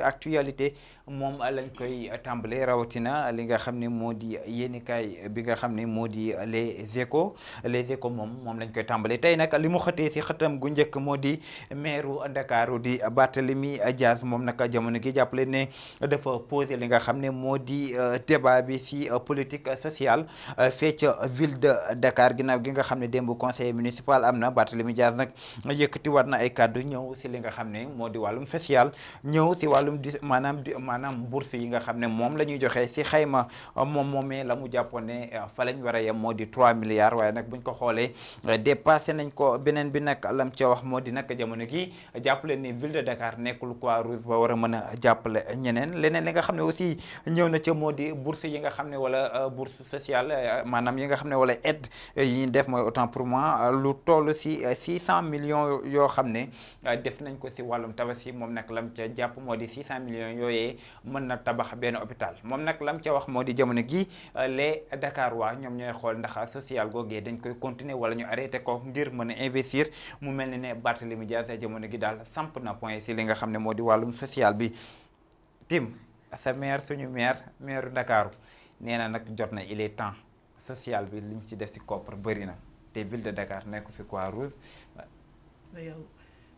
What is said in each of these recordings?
actualité moom lañ koy tàmbale rawatina li nga xam ne moo di yéenikaay bi nga xam ne moo di les échos les échos moom moom lañ koy tàmbale tey nag li mu xëtee si xëtam gu njëkk moo di maire Ndakaaru di Barthélemy Dias moom nag jamono gi jàppale ne dafa posé li nga xam ne moo di euh, débat bi si euh, politique sociale euh, fee ca ville de Dakar ginnaaw gi nga xam ne démb conseil municipal am na Barthélemy Dias nag yëkkati war na ay kàddu ñëw si li nga xam ne moo di wàllum social wàllum di maanaam di maanaam bourse yi nga xam ne moom la ñuy joxee si xayma euh, moom moomee la mu jàppoon ne euh, fa lañ war a yem moo di 3 milliards waaye nag buñ ko xoolee euh, dépassé nañ ko beneen bi nag lam ca wax moo di nag jamono gi jàpp leen ni ville de Dakar nekkul Croix-Rouge ba war a mën a jàppale ñeneen leneen li nga xam ne aussi ñëw na ca moo di bourse yi nga xam wala bourse sociale maanaam yi nga xam wala aide yi def mooy autant pour moi lu toll si 600 millions yoo xam def nañ ko si wàllum tabaski moom nag lam ca jàpp moo di 600 millions yooyee mën na tabax benn hôpital moom nag lam ca wax moo di jamono gi euh, les Dakar waa ñoom ñooy xool ndax social googee dañ koy continuer wala ñu arrêté ko ngir mën investir mu mel ni ne Barthélemy Dias jamono gi daal samp na point si li nga ne moo di social bi tim sa maire suñu maire maire Ndakaaru nee nak nag il est temps social bi liñ ci def si koppar bëri na te ville de Dakar nekk fi rouge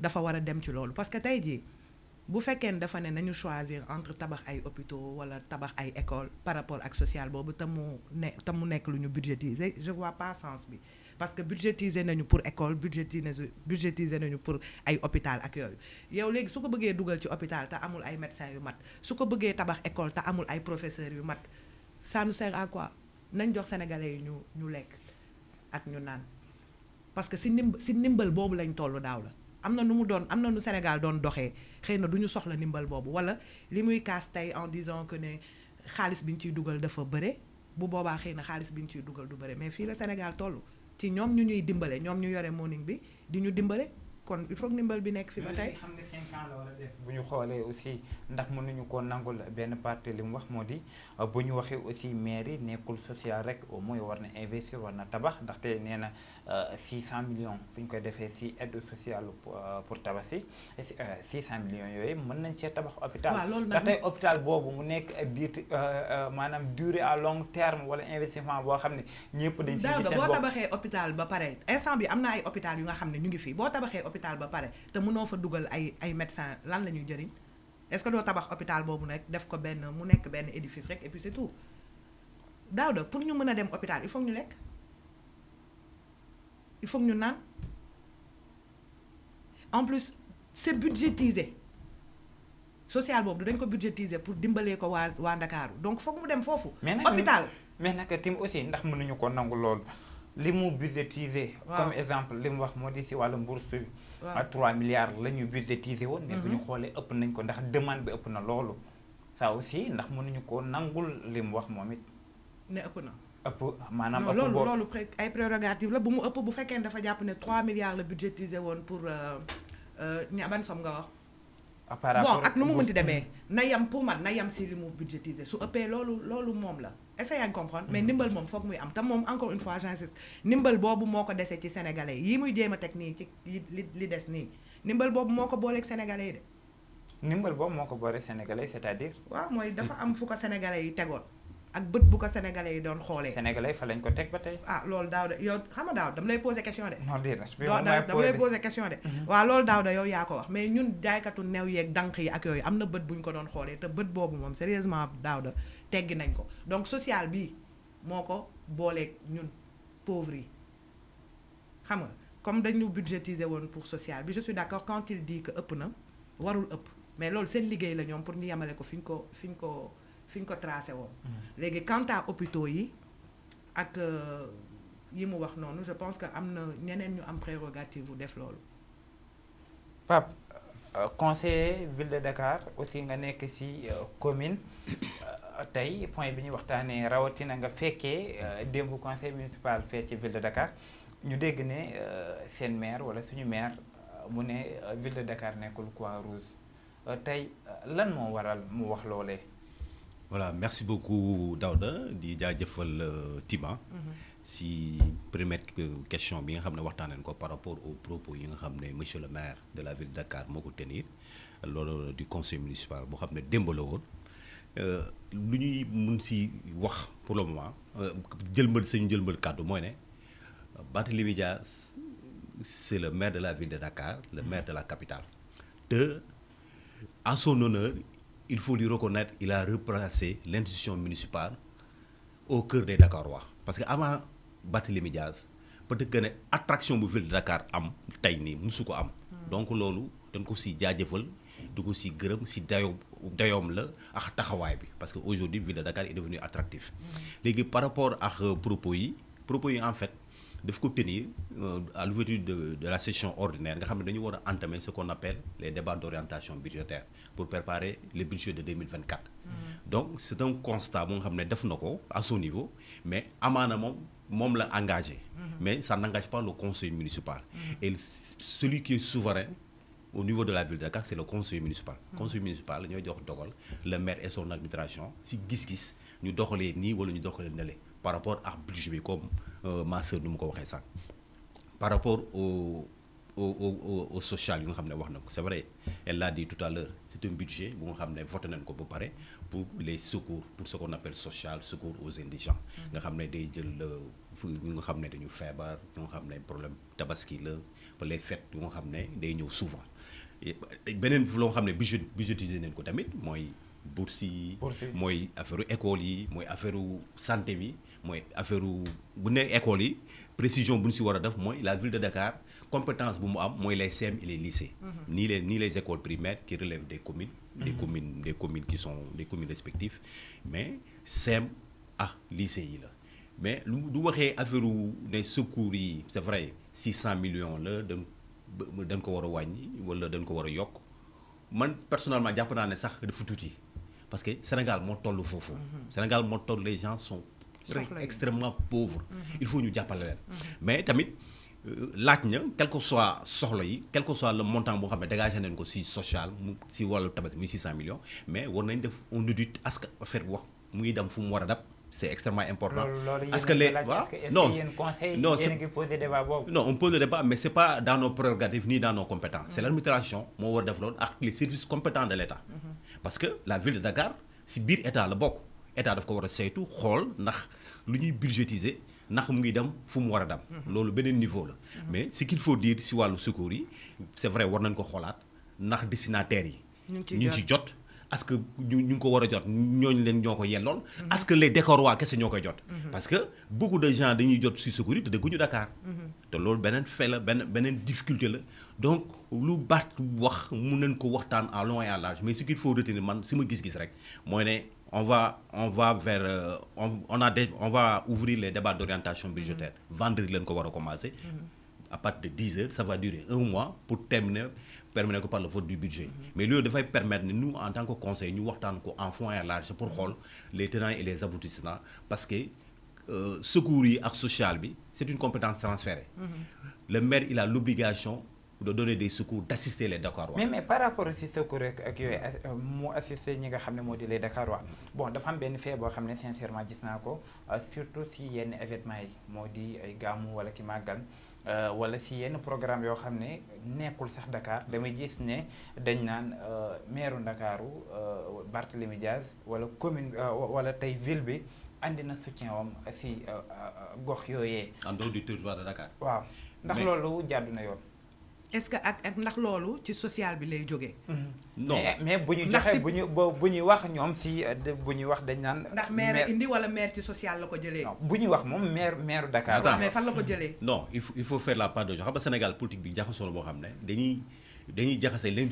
dafa war a dem ci loolu parce que tey jii bu fekkee ne dafa ne nañu choisir entre tabax ay hôpitaux wala tabax ay école par rapport ak social boobu te mu ne te mu nekk lu ñu budgétiser je vois pas sens bi parce que budgétiser nañu pour école budgétiser nañu pour ay hôpital ak yooyu yow léegi su ko bëggee dugal ci hôpital te amul ay médecins yu mat su ko bëggee tabax école te amul ay professeurs yu mat ça nous sert à quoi nañ jox sénégalais yi ñu ñu lekk ak ñu naan parce que si ndimb si ndimbal boobu lañ tollu daaw la am na nu mu doon am na nu Sénégal doon doxee xëy na du ñu soxla ndimbal boobu wala li muy kaas tey en disant que ne xaalis bi ñu ciy dugal dafa bëre bu boobaa xëy na xaalis bi ñu ciy dugal du bëre mais fii la Sénégal toll ci ñoom ñu ñuy dimbale ñoom ñu yore morning bi di ñu dimbale kon il faut que ndimbal bi nekk fi ba tey. xam nga sommes ans la ñu aussi ndax ko nangul benn parti li wax moo di bu aussi mairie nekkul social rek au moins war na investir war tabax ndaxte nee 600 euh, millions fuñ koy défé ci aide sociale pour euh, tabaski 600 euh, millions yooyu mën nañ ci tabax hôpital da tay hôpital bobu mu nekk biir manam durée à long terme wala investissement bo xamné ñepp dañ ci da bo tabaxee hôpital ba paré instant bi amna ay hôpital yu nga xamné ñu ngi fi bo tabaxee hôpital ba paré te mëno fa duggal ay ay médecin lan lañu jëriñ est-ce que do tabax hôpital bobu nek def ko ben, mu nek ben, édifice rek et puis c'est tout daaw da pour ñu mëna a dem hôpital il faut ñu lek il faut que ñu naan en plus c'est budgétisé social boobu dañ ko budgétiser pour dimbalé ko wa wa dakar donc foog mu dem fofu hôpital mais nak tim aussi ndax mënuñu ko nangu lool limu mu budgétiser. comme exemple li wax modi ci si wàllum bourse à 3 milliards lañu ñu budgétiser woon. mais buñu mhm. xolé ëpp nañ ko ndax demande bi ëpp na lool ça aussi ndax mënuñu ko nangul li wax momit né ëpp na. ëpp maanaam ëpp loolu loolu ay prérogative la bu mu ëpp bu fekkee ne dafa jàpp ne 3 milliards la budgétisé woon pour euh, euh, ña ban som nga wax. bon ak nu mu mënti demee na yem pour man na yem si li mu budgétisé su ëppee loolu loolu moom la essaye à comprendre mais hmm. ndimbal moom foog muy am te moom encore une fois j'insiste ndimbal boobu moo ko desee ci sénégalais yi muy jéem a teg nii ci li li des nii ndimbal boobu moo ko booleeg sénégalais yi de ndimbal boobu moo ko booleeg sénégalais c'est-à-dire waaw mooy dafa am fu ko sénégalais yi tegoon ak bët bu ko sénégalais yi doon xoolee. sénégalais fa lañ ko teg ba tey. ah loolu daaw de yow xam nga daaw dama lay posé question de. non déedéet dama lay posé question de. Mhm. waaw loolu daaw de yow yaa ko wax mais ñun jaaykatu new yeeg dànq yi ak yooyu am na bët bu ko doon xoolee te bët boobu moom sérieusement daaw da teggi nañ ko donc social bi moo ko booleeg ñun pauvres yi xam nga comme dañu budgétiser woon pour social bi je suis d'accord quand il dit que ëpp na warul ëpp mais loolu seen liggéey la ñoom pour ñu yemale ko fiñ ko fiñ ko fi ko tracé woon. légui quant à hôpitaux yi ak euh, yi mu wax noonu je pense que amna na ñeneen ñu am prérogative bu def loolu. Pape euh, conseiller ville de Dakar aussi nga nek ci euh, commune tay point bi waxtane waxtaanee rawatina nga fekkee démb conseil municipal fee ci ville de Dakar ñu dégg né sen maire wala suñu maire mu né ville de Dakar nekul quoi rouge tay lan mo waral mu wax loolee voilà merci beaucoup Daouda di jaajëfal euh, Tima. Mhm. si première question bi nga xamné ne nañ ko par rapport aux propos yi nga xamné monsieur le maire de la ville de Dakar moko tenir lolo du conseil municipal bo xamné ne démb la woon euh, wax pour le moment euh, jëlmal sañu jëlmal kàddu mooy ne Barthélémy Dias c'est le maire de la ville de Dakar le maire de la capitale De, à son honneur il faut lui reconnaître, il a replacé l'institution municipale au cœur des Dakarois. Parce qu'avant les médias, peut-être une attraction de la ville de Dakar am tay am. Donc lolu faut ko ci jaajeufal du ko ci gërëm un dayo dayom la ak parce qu'aujourd'hui, la ville de Dakar est devenue attractive. Mm-hmm. Légui par rapport à propos yi, propos en fait de faut tenir euh, à l'ouverture de la session ordinaire nous entamer ce qu'on appelle les débats d'orientation budgétaire pour préparer le budget de 2024 mm. donc c'est un constat à son niveau mais mon moom la engagé mm-hmm. mais ça n'engage pas le conseil municipal mm-hmm. et celui qui est souverain au niveau de la ville de Dakar c'est le conseil municipal mm-hmm. conseil municipal le maire et son administration si gis-gis ñu doxalee ni wala par rapport à budget comme euh, ma sœur nu mu ko waxee par rapport au au au au social yu nga xam ne c'est vrai elle l'a dit tout à l'heure c'est un budget bu nga xam ne voté pour les secours pour ce qu'on appelle social secours aux indigents nga xam ne day jël euh, ñu nga xam ne dañu feebar nga problème tabaski pour les fêtes nous nga des day souvent et loo nga xam ne budget euh, budgétisé nañ tamit bourse yi mooy affaire école yi moy affaire santé bi moy affaire bu né école yi précision buñ ci wara la ville de Dakar compétence bu mu am moy les CEM et les lycées mhm. ni les ni les écoles primaires qui relèvent des communes des mhm. communes des communes qui sont des communes respectives mais CM ak lycée yi la mais lu du waxé des secours yi c'est vrai 600 millions la dañ dañ ko war a wala dañ ko war man personnellement jàpp naa ne sax dafa parce que Sénégal moo toll foofu. Mhm. Sénégal moo toll les gens sont. sont extrêmement pauvres. Mhm. il faut ñu jàppale leen. Mhm. mais tamit euh, laaj na quel que soit soxla yi quel que soit le montant bon, mais dégager un nañ ko social si wàllu le muy 600 millions mais war nañ def un audit askan affaire wax mu ngi dem fu mu war dab c'est extrêmement important. Est-ce que les. non, non, non, on pose le débat, mais ce n'est pas dans nos prérogatives ni dans nos compétences. C'est l'administration, mon développement, avec les services compétents de l'État. Mm-hmm. Parce que la ville de Dakar, si bir état la bok, état daf ko war a saytu xool ndax lu budgétiser ndax mu ngi dem mm-hmm. niveau mm-hmm. mais ce qu'il faut dire si wàllu secours c'est vrai war nañ ko xoolaat Nakh destinataires ñu jot est-ce que ñu ñu ngi ko war a jot ñooñu leen ñoo mm-hmm. est-ce que les décorois qu'est-ce ñoo koy jot mm-hmm. parce que beaucoup de gens dañuy jot si secours yi te dëgguñu Dakar mm-hmm. te loolu beneen fait la beneen difficulté la donc lu bat wax mun nañ ko waxtaan à long et à large mais ce qu'il faut retenir man si ma gis-gis rek moy né on va on va vers euh, on on a on va ouvrir les débats d'orientation budgétaire vendredi leen ko war commencer à partir de 10 heures, ça va durer un mois pour terminer, permettre par le vote du budget. Mhm. Mais lui, devait permettre, nous, en tant que conseil, nous, en fond et large, pour voir les tenants et les aboutissants, parce que secourir secours et social, c'est une compétence transférée. Mhm. Le maire, il a l'obligation de donner des secours, d'assister les Dakarois. Mais, par rapport à ce secours que euh, moi assister ñi nga xamné modi les Dakarois. Bon dafa am ben fait bo xamné sincèrement euh, surtout si yenn événement yi modi ay ou wala ki Euh, wala si yenn programme yoo xam ne nekkul sax dakaar damay gis ne dañ naan euh, maire Ndakaaru euh, Barthélemy Diaz wala commune wala tey ville bi indi na soutien wam si gox yooyee. en dehors du territoire de Dakar. waaw ndax loolu jàddu na yoon. est-ce que ak ak ndax lolu ci social bi lay jógee. Mm-hmm. non eh, mais buñu ñu buñu buñu wax ñom ci euh, buñu wax dañ nan ndax maire indi wala maire ci social la ko jëlee. buñu wax mom maire maire Dakar. waaw mais fan la ko jëlee. non il faut il faut faire la part de genre xam nga Sénégal politique bi jaxasoo solo bo xamné dañuy dañuy jaxase l'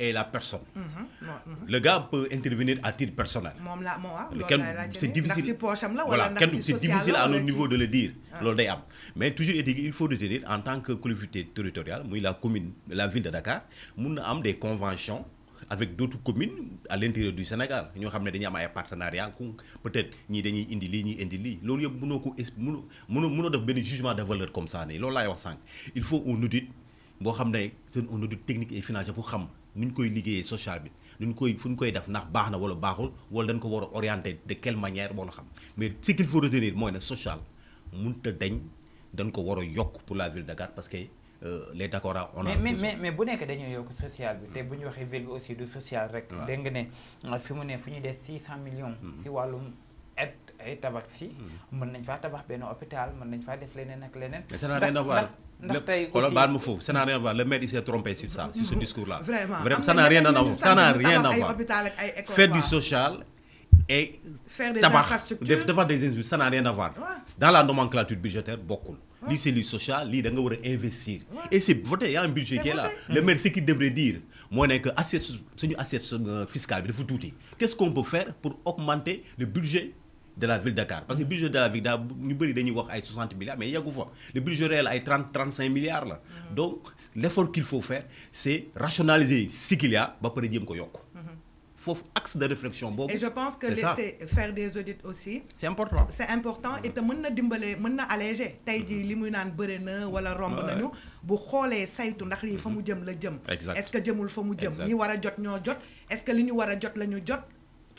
et la personne. Mhm, mhm. le gars peut intervenir à titre personnel. Ah, c'est la difficile voilà difficile à notre niveau de le dire. Ah. loolu day mais toujours il faut retenir en tant que collectivité territoriale la commune la ville de Dakar Nous na am des conventions. avec d'autres communes à l'intérieur du Sénégal Nous avons ne dañuy am ay partenariat peut-être ñii dañuy indi lii ñuy indi lii loolu yëpp mënoo ko jugement de valeur comme ça nii loolu laay wax sànq il faut nous disions bo xam ne seen un audit technique et financier pour xam niñ koy liggéeyee social bi nu koy fuñ koy def ndax baxna wala baxul wala dañ ko war orienter orienté de quelle manière boo xam mais ce qu'il faut retenir moy na social mënut a dañ dañ ko war yok pour la ville de Dakar parce que euh, les Dakarois on a. mais mais mais bu nekk dañoo yok social bi té buñ waxé ville aussi du social rek. dégg nga ne euh, fi mu né fuñu ñu des 600 millions. Hmm. si Walum ay tabax si hmm. mën nañ faa tabax benn hôpital mën nañ faa def ak mais ça n'a rien à voir ça n'a rien à voir le maire il s'est trompé sur ça sur ce discours là vraiment ça n'a rien à voir ça n'a rien à voir faire du social et faire des infrastructures des ça n'a rien à voir dans la nomenclature budgétaire beaucoup. lii c'est social li da nga investir et c'est voté y a un budget qui est là le hmm. maire ce qu'il devrait dire que que assiette suñu assiette euh, fiscale bi dafa tuuti qu'est-ce qu'on peut faire pour augmenter le budget de la ville de Dakar parce que budget de la ville de ñu nous dañuy 60 milliards mais a le budget réel est 30 35 milliards mm-hmm. donc l'effort qu'il faut faire c'est rationaliser ce qu'il y a pour mm-hmm. axe de réflexion et je pense que faire des audits aussi c'est important c'est important et te est-ce que est-ce que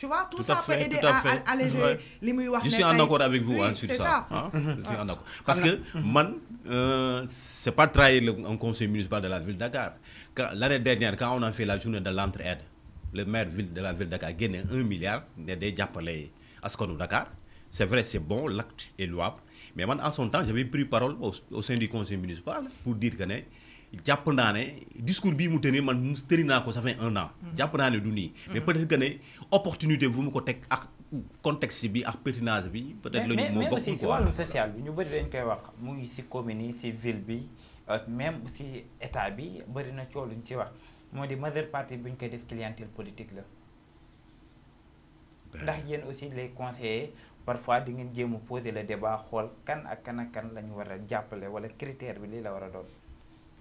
tu vois tout, ça fait, peut aider à, alléger ouais. je suis en ah. accord avec vous sur ça, parce que mm-hmm. man euh, c'est pas trahir le, conseil municipal de la ville de Dakar l'année dernière quand on a fait la journée de l'entraide le maire ville de la ville de Dakar gagné un milliard ne à à askanu Dakar c'est vrai c'est bon l'acte est louable mais man en son temps j'avais pris parole au, sein du conseil municipal pour dire que jàpp naa discours bi mu tenir man mu tenir ko ça fait 1 an. Mm-hmm. jàpp naa du ni mais mm-hmm. peut-être que né opportunité bu mu ko tek ak contexte bi ak pertinence bi. peut-être la ñu moo quoi mais mais c'est social bi ñu bëri dañ koy wax mu ngi si commune yi ville bi euh, même aussi état bi bëri na coow luñ ci wax modi di majeure partie bu koy def clientèle politique la. Ben. ndax yéen aussi les conseillers parfois di ngeen jéem poser le débat xol kan ak kan ak kan lañu wara jappalé wala critère bi li la wara a doon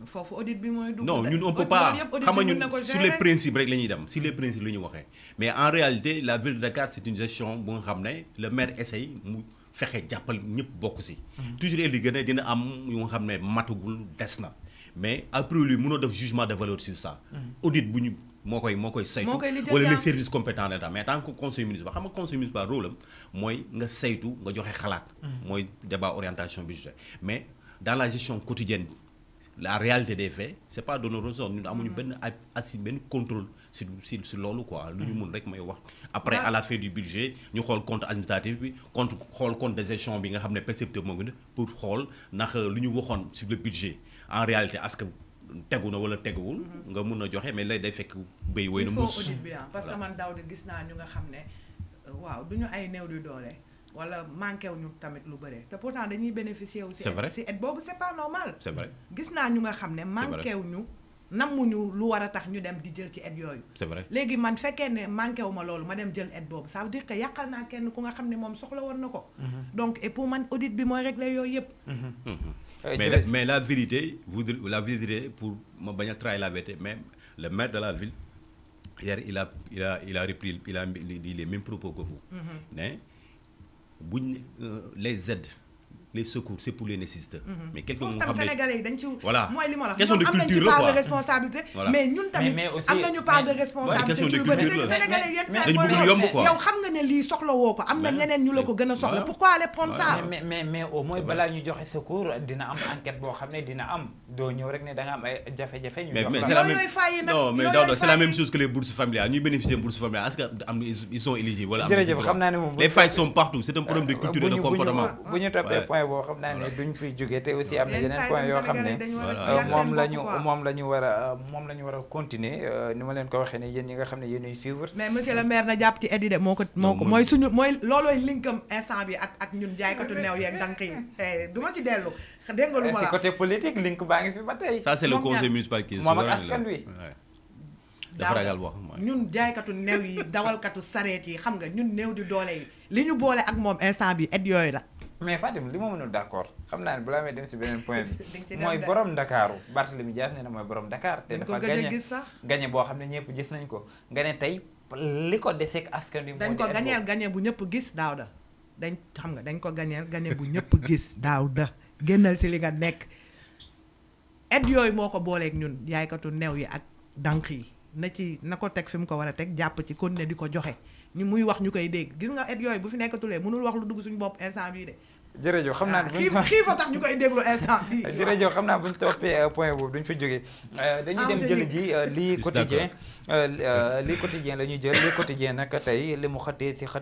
foofu audit bi mooy dugg non ñun on peut pas xam nga ñun sur les principes rek la ñuy dem sur les principes la ñu waxee mais en réalité la ville de Dakar c'est une gestion bu nga xam ne le maire essaye mu fexe jàppal ñëpp bokk si mhm. toujours et li gën a dina am yu nga xam ne matagul des na mais après lui mënoo def jugement de valeur sur ça mhm. audit bu ñu moo koy moo koy saytu wala les services compétents d'état mais tant que conseil municipal xam nga conseil municipal rôle am mooy nga saytu nga joxe xalaat mhm. mooy débat orientation budgétaire mais dans la gestion quotidienne la réalité des faits c'est pas de nos ressorts ñun amuñu benn assis benn contrôle sur, sur, si loolu quoi lu ñu mun rek may wax après à la fin du budget ñu xool compte administratif bi compte xool compte des échelons bi nga xam percepteur moo ngi pour xool ndax lu ñu sur le budget en réalité askan tegu na wala teguwul nga mëna a joxe mais lay day fekk béy woy na hein, parce que man daw de gis naa ñu nga xam euh, waaw duñu ay néew du doole wala manqué wuñu tamit lu bëre te pourtant dañuy bénéficier wu. c'est vrai si aide c'est pas normal. c'est vrai gis naa ñu nga xam ne manqué wuñu. nammuñu lu war a tax ñu dem di jël ci aide yooyu. c'est vrai léegi man fekkee ne manqué wu ma loolu ma dem jël aide boobu ça veut dire que yàqal naa kenn ku nga xam ne moom soxla woon na ko. Mhm. donc et pour man audit bi mooy régler yooyu yëpp. Mhm. Mhm. Euh, mais la mais la vérité vous la vérité pour ma bañ a trahir la vérité même le maire de la ville hier il a il a il a repris il a dit les mêmes propos que vous. mais buñ euh, les aides les secours c'est pour les nécessiteux. Mhm. mais quelqu'un mu xam sénégalais yi dañ voilà question de culture la quoi am nañ de responsabilité. mais ñun tamit am nañu part de responsabilité. ci bëri parce que sénégalais yenn saa yi mooy yow xam nga ne lii soxla woo ko am na ñeneen ñu la ko a soxla pourquoi aller prendre ça. mais mais mais au moins balaa ñu joxe secours dina am enquête boo xam ne dina am doo ñëw rek ne da nga am ay jafe-jafe. ñu jox la c'est la même... non mais Daouda c'est la même chose que les bourses familiales ñuy bénéficier bourses familiales est-ce que ils sont éligibles. jërëjëf les failles sont partout c'est un problème de euh, culture et de comportement. point boo xam naa ne duñ te aussi am na yeneen yoo xam ne moom la ñu moom la ñu war a moom la ñu war a continuer euh, ni ma leen ko waxee ne yéen ñi nga xam ne yéenuy suivre mais monsieur le maire na jàpp ci Eddy de moo ko moo ko mooy suñu mooy loolooy linkam instant bi ak ak ñun jaaykatu new yeeg dank yi eh, du ci dellu dégg nga lu ma eh, côté politique link baa ngi fi ba tey ça c'est le conseil municipal qui est souverain moom ak askan wi dafa ragal wax ñun jaaykatu neew yi dawalkatu sareet yi xam nga ñun néew di doole yi li ñu boole ak moom instant bi et yooyu la mais Fatim li ma mënul d'accord xam naa ne balaa may dem si beneen point bi mooy borom Dakaaru Barthélemy Dias nee na mooy borom Dakar te dafa boo xam ne ñëpp gis nañ ko nga tey li ko deseeg askan wi dañ ko gañeel gañe bu ñëpp gis daaw da dañ xam nga dañ ko gañeel gañe bu ñëpp gis daaw da génnal si li nga nekk et yooyu moo ko booleek ñun yaaykatu new yi ak dànq yi na ci na ko teg fi mu ko war a teg jàpp ci kon ne di ko joxe ni muy wax ñu koy dégg gis nga et yooyu bu fi nekkatulee mënul wax lu dugg suñu bopp instant bii de. jërëjëf xam naa ah, buñ xiif tax ñu koy déglu instant bi jërëjëf xam naa buñ toppee euh, point boobu dañu fa jógee euh, dañuy ah, dem jël ji euh, lii quotidien lii quotidien la ñuy jël lii quotidien nag tey li mu xatee si